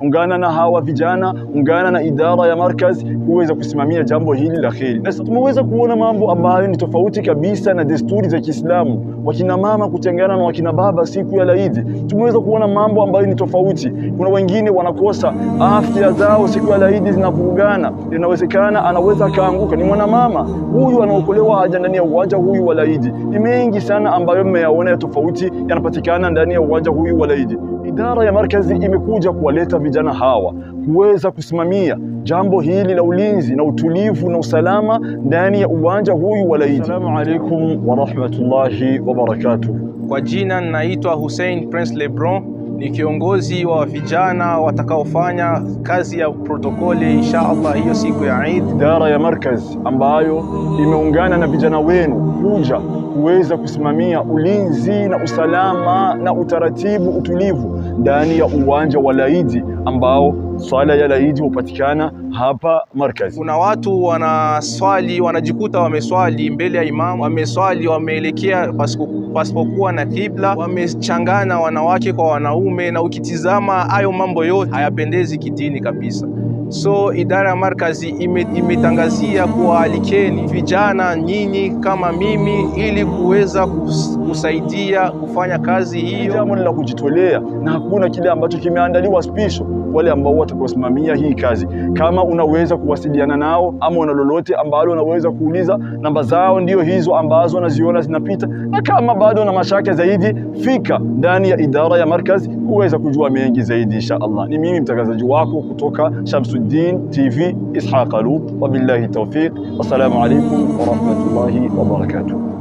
ungana na hawa vijana, ungana na idara ya markazi kuweza kusimamia jambo hili la kheri. Na tumeweza kuona mambo ambayo ni tofauti kabisa na desturi za Kiislamu, wakina mama kutengana na wakina baba siku ya laidi. Tumeweza kuona mambo ambayo ni tofauti. Kuna wengine wanakosa afya zao siku ya laidi zinavurugana, inawezekana anaweza akaanguka. Ni mwanamama huyu anaokolewa haja ndani ya uwanja huyu wa laidi. Ni mengi sana ambayo mmeyaona ya tofauti yanapatikana ndani ya uwanja huyu wa laidi idara ya markazi imekuja kuwaleta vijana hawa kuweza kusimamia jambo hili la ulinzi na utulivu na usalama ndani ya uwanja huyu wa Laidi. Assalamu alaikum wa wabarakatuh. Kwa jina ninaitwa Hussein Prince Lebron, ni kiongozi wa vijana watakaofanya kazi ya protokoli insha Allah hiyo siku ya Eid. Idara ya markazi ambayo imeungana na vijana wenu kuja kuweza kusimamia ulinzi na usalama na utaratibu utulivu ndani ya uwanja wa Laidi ambao swala ya Laidi hupatikana hapa Markazi. Kuna watu wanaswali, wanajikuta wameswali mbele ya imamu, wameswali wameelekea pasipokuwa na kibla, wamechangana wanawake kwa wanaume, na ukitizama hayo mambo yote hayapendezi kidini kabisa. So idara ya Markazi imetangazia ime kuwaalikeni vijana nyinyi kama mimi ili kuweza kus kusaidia kufanya kazi hiyo. Jambo ni la kujitolea na hakuna kile ambacho kimeandaliwa spisho wale ambao watakusimamia hii kazi. Kama unaweza kuwasiliana nao ama una lolote ambalo unaweza kuuliza, namba zao ndio hizo ambazo unaziona zinapita, na kama bado na mashaka zaidi, fika ndani ya idara ya markazi kuweza kujua mengi zaidi insha Allah. Ni mimi mtangazaji wako kutoka Shamsuddin TV Ishaq Alup, wabillahi tawfiq, wassalamu alaikum warahmatullahi wabarakatuh.